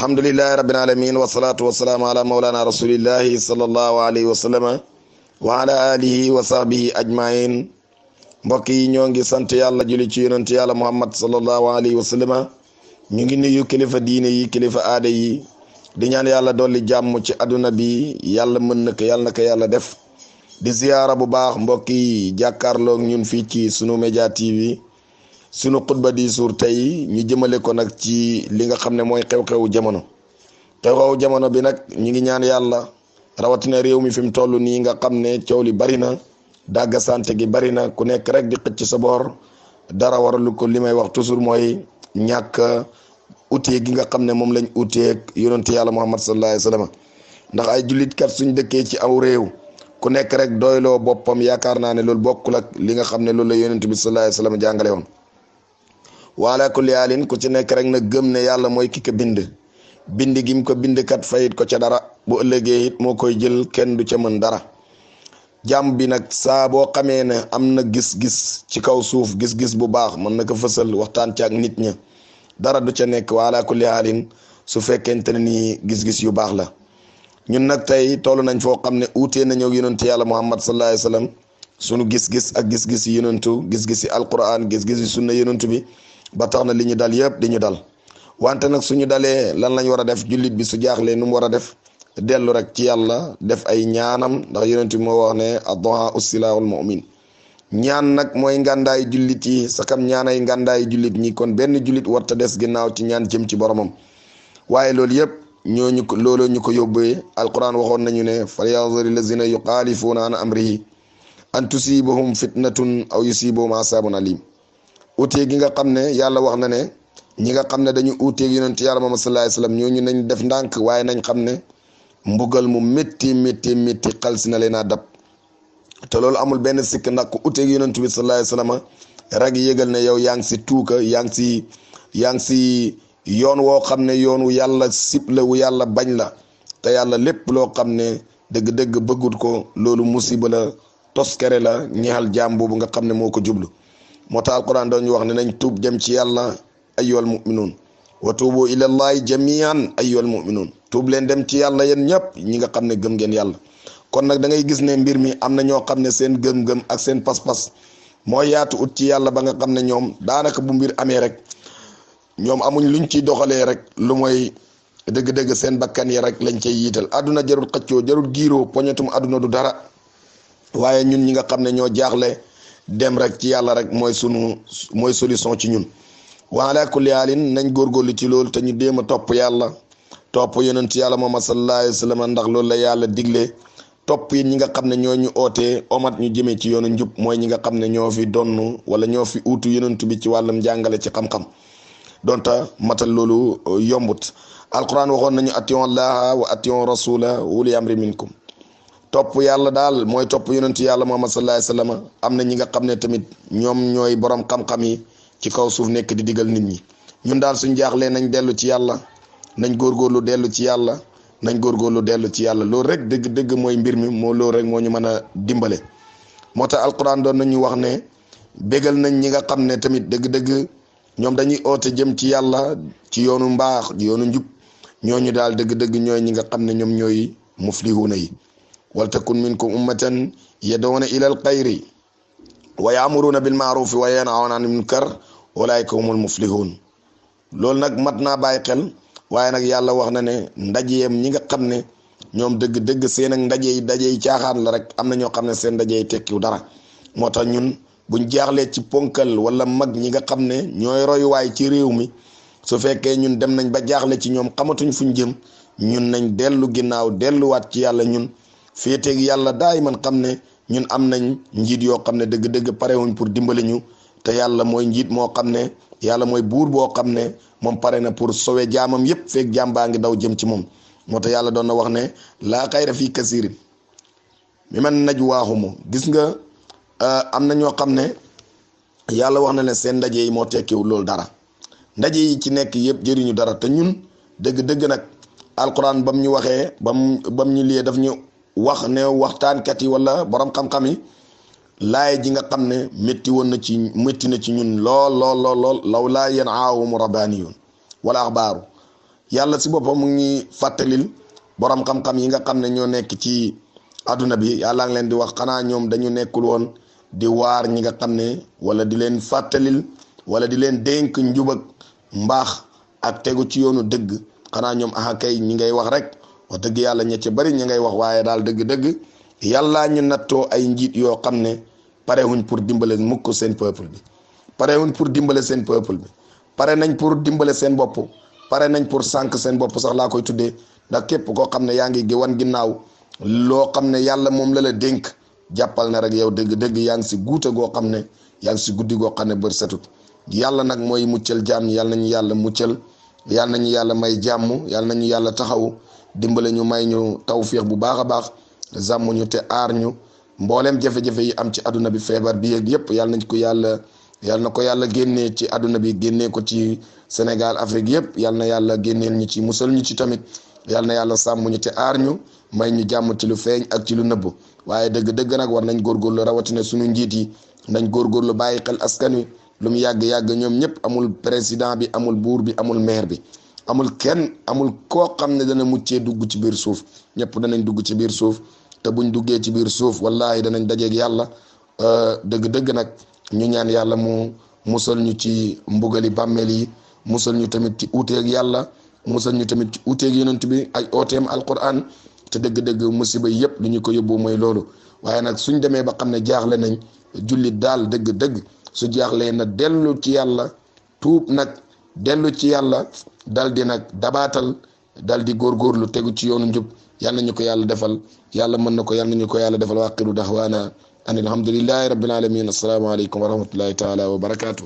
alhamdulillahi rabbil alamin wa wasalaamu ala maulana rasulillahi sallallahu alayhi wa sallama wa ala alihi wa sahbihi ajmain mbokk yi ñoo ngi sant yàlla julli ci yonent yàlla muhammad sallallahu alayhi wa sallama ñu ngi nuyu kilifa diine yi kilifa aada yi di ñaan yàlla dolli jàmm ci àdduna bi yàlla mën na ko yàlla ko yàlla def di ziyaara bu baax mbokk yi jàkkaarloog ñun fii ci sunu média tv sunu xutba di suur tey ñu jëmale ko nag ci li nga xam ne mooy xew-xewu jamono xew-xewu jamono bi nag ñu ngi ñaan yàlla rawatina réew mi fi mu toll nii nga xam ne coow li bari na dàgga sante gi bari na ku nekk rek di xëcc sa boor dara waralu ko li may wax toujours mooy ñàkk utee gi nga xam ne moom lañ uteeg yonente yàlla muhammad sallallahu alayhi wa sallam ndax ay jullit kat suñ dëkkee ci aw réew ku nekk rek doyloo boppam yaakaar naa ne loolu bokkul ak li nga xam ne loolu la yonente bi sallallahu alayhi wa sallam jàngale woon waala kulli haalin ku ci nekk rek na gëm ne yàlla mooy ki ko bind bind gim ko bind kat fayit ko ca dara bu ëllëgee it moo koy jël kenn du ca mën dara jàmm bi nag saa boo xamee ne am na gis-gis ci kaw suuf gis-gis bu baax mën na ko fësal waxtaan ci ak nit ña dara du ca nekk waala kulli haalin su fekkente ne nii gis-gis yu baax la ñun nag tey toll nañ foo xam ne uutee nañoo yonent yàlla muhammad sallallahu alayhi wa sallam sunu gis-gis ak gis-gis yi yonentu gis-gis yi alquran gis-gis yi sunna bi ba tax na li ñu dal yëpp di ñu dal wante nag suñu dalee lan lañ war a def jullit bi su jaaxlee nu mu war a def dellu rek ci yàlla def ay ñaanam ndax yonent bi moo wax ne ad-du'aa ussilaahul mu'min ñaan nag mooy ngàndaay jullit yi sakam ñaanay ngàndaay jullit ñi kon benn jullit warta des ginnaaw ci ñaan jëm ci boromam waaye loolu yëpp ñooñu ko looloo ñu ko yóbbee alquran waxoon nañu ne falyanzuri lazina yuxaalifuuna an amrihi an tusibahum fitnatun aw yusibahum asabun alim uutee gi nga xam ne yàlla wax na ne ñi nga xam ne dañu uuteeg yonentu yàlla moom sallallahu alayhi ñu ñooñu nañ def ndànk waaye nañ xam ne mbugal mu métti métti métti xal si na leen a dab te loolu amul benn sikk ndax ku uteeg yonentu bi sallallahu alayhi wasallam rek yëgal ne yow yaa ngi si tuuka yaa ngi si yaa ngi si yoon woo xam ne yoon wu yàlla sib la wu yàlla bañ la te yàlla lépp loo xam ne dëgg-dëgg bëggut ko loolu musiba la toskere la ñeexal jaam boobu nga xam ne moo ko jublu moo tax alquran doon ñu wax ne nañ tuub dem ci yàlla ayyuhal mu'minuun wa tuubu ilallahi jamian ayyuhal mu'minuun tuub leen dem ci yàlla yéen ñëpp ñi nga xam ne gëm ngeen yàlla kon nag dangay gis ne mbir mi am na ñoo xam ne seen gëm-gëm ak seen pas-pas moo yaatu ut ci yàlla ba nga xam ne ñoom daanaka bu mbir amee rek ñoom amuñ luñ ciy doxalee rek lu mooy dëgg-dëgg seen bakkan yi rek lañ cay yiital àdduna jarul xëccoo jarul giiroo poñetum àdduna du dara waaye ñun ñi nga xam ne ñoo jaaxle dem rek ci yàlla rek mooy sunu mooy solution ci ñun waala kulli haalin nañ góorgóorlu ci loolu ta ñu déem a topp yàlla topp yeneen yonent yàlla moom sallallahu alayhi wa ndax loolu la yàlla digle topp yi ñi nga xam ne ñoo ñu ootee omat ñu jëmee ci yoonu njub mooy ñi nga xam ne ñoo fi donn wala ñoo fi uutu yonent bi ci wàllum jàngale ci xam-xam donta matal loolu uh, yombut alquran waxoon nañu atiyon allaha wa atiyon rasula wuli amri minkum topp yàlla daal mooy topp yonentu yàlla Muhammad sallallahu alayhi wasallam am na ñi nga xam ne tamit ñoom ñooy boroom xam-xam yi ci kaw suuf nekk di diggal nit ñi ñun daal suñ jaaxlee nañ dellu ci yàlla nañ góorgóorlu dellu ci yàlla nañ góorgóorlu dellu ci yàlla loolu rek dëgg dëgg mooy mbir mi moo loolu rek moo ñu mën a dimbale moo tax alquran doon nañu wax ne béggal nañ ñi nga xam ne tamit dëgg-dëgg ñoom dañuy oote jëm ci yàlla ci yoonu mbaax yoonu njub ñu daal dëgg-dëgg ñooy ñi nga xam ne ñoom ñooy muflihuuna yi min waltakun minkum ummatan yad'una ila alxayri wa ya'muruna bil ma'rufi wa yanhawna anil munkar ulaika humul muflihun loolu nag mat naa bàyyi xel waaye nag yàlla wax na ne ndajeem ñi nga xam ne ñoom dëgg dëgg seen ak ndaje yi ndaje yi caaxaan la rek am na ñoo xam ne seen ndaje tekkiw dara moo tax ñun buñ jaaxlee ci ponkal wala mag ñi nga xam ne ñooy royuwaay ci réew mi su fekkee ñun dem nañ ba jaaxle ci ñoom xamatuñ fuñ jëm ñun nañ dellu ginnaaw delluwaat ci yàlla ñun féeteeg yàlla daay man xam ne ñun am nañ njiit yoo xam ne dëgg-dëgg parewuñ pour dimbali ñu te yàlla mooy njiit moo xam ne yàlla mooy buur boo xam ne moom pare na pour sowe jaamam yépp feeg jaam baa ngi daw jëm ci moom moo tax yàlla doon na wax ne laa kay xayra fii kasirin mi man naj waaxumu gis nga euh, am na ñoo xam ne yàlla wax na ne seen ndaje yi moo tekkiwul loolu dara ndaje yi ci nekk yëpp jëriñu dara te ñun dëgg-dëgg nag alquran bam ñu waxee bam bam ñu liyee daf ñu wax ne waxtaankat yi wala borom xam-xam yi laay ji nga xam ne métti woon na ci métti na ci ñun lool lool law laa yen aawum rabbaaniyun wala axbaaru yàlla si boppam mu ngi fàttalil borom xam-xam yi nga xam ne ñoo nekk ci àdduna bi yàlla ngi leen di wax xanaa ñoom dañu nekkul woon di waar ñi nga xam ne wala di leen fàttalil wala di leen dénk njub mbaax ak tegu ci yoonu dëgg xanaa ñoom aha ñi ngay wax rek wax dëgg yàlla ña ci bari ñu ngay wax waaye daal dëgg yàllaa ñu nattoo ay njiit yoo xam ne parewuñ pour dimbale mukk seen peuple bi pour dimbale seen pare nañ pour dimbale seen bopp pare nañ pour sànq seen bopp sax laa koy tuddee ndax képp koo xam ne yaa ngi gi wan ginnaaw loo xam ne yàlla moom la la dénk jàppal na rek yow dëgg-dëgg yaa ngi si guute goo xam ne yaa ngi si guddi goo xam ne bër setut yàlla nag mooy muccal jaam yàlla na ñu yàlla muccal yàlla nañu yàlla may jàmm yàlla nañu yàlla taxawu dimbale ñu may ñu tawfiix bu baax a baax sàmm ñu te aar ñu mbooleem jafe-jafe yi am ci àdduna bi feebar bi yeeg yëpp yàlla nañ ko yàlla yàlla na ko yàlla génnee ci àdduna bi génnee ko ci Sénégal Afrique yëpp yàlla na yàlla génneel ñu ci musal ñu ci tamit yàlla na yàlla sàmm ñu te aar ñu may ñu jàmm ci lu feeñ ak ci lu nëbb waaye dëgg-dëgg nag war nañ góorgóorlu rawatina suñu njiit yi nañ góor góor lu bàyyi xel askan wi lu mu yàgg-yàgg ñoom ñëpp amul président bi amul buur bi amul maire bi amul kenn amul koo xam ne dana muccee dugg ci biir suuf ñëpp danañ dugg ci biir suuf te buñ duggee ci biir suuf wallahi danañ dajeeg yàlla euh, dëgg-dëgg nag ñu ñaan yàlla mu musal ñu ci mbugali bàmmeel yi musal ñu tamit ci uuteeg yàlla musal ñu tamit ci uuteeg yonent bi ak ooteem alquran te dëgg-dëgg musiba yëpp li ñu ko yóbbu mooy loolu waaye nag suñ demee ba xam ne jaaxle nañ jullit daal dëgg-dëgg su jaaxlee na dellu ci yàlla tuub nag dellu ci yàlla dal di nag dabaatal dal di góorgóorlu tegu ci yoonu njub na ñu ko yàlla defal yàlla man na ko yàlla nañu ko yàlla defal waaqiru daxwaana an alhamdulillahi rabbil alamin assalaamu aleykum wa rahmatullahi taala wa barakaatu.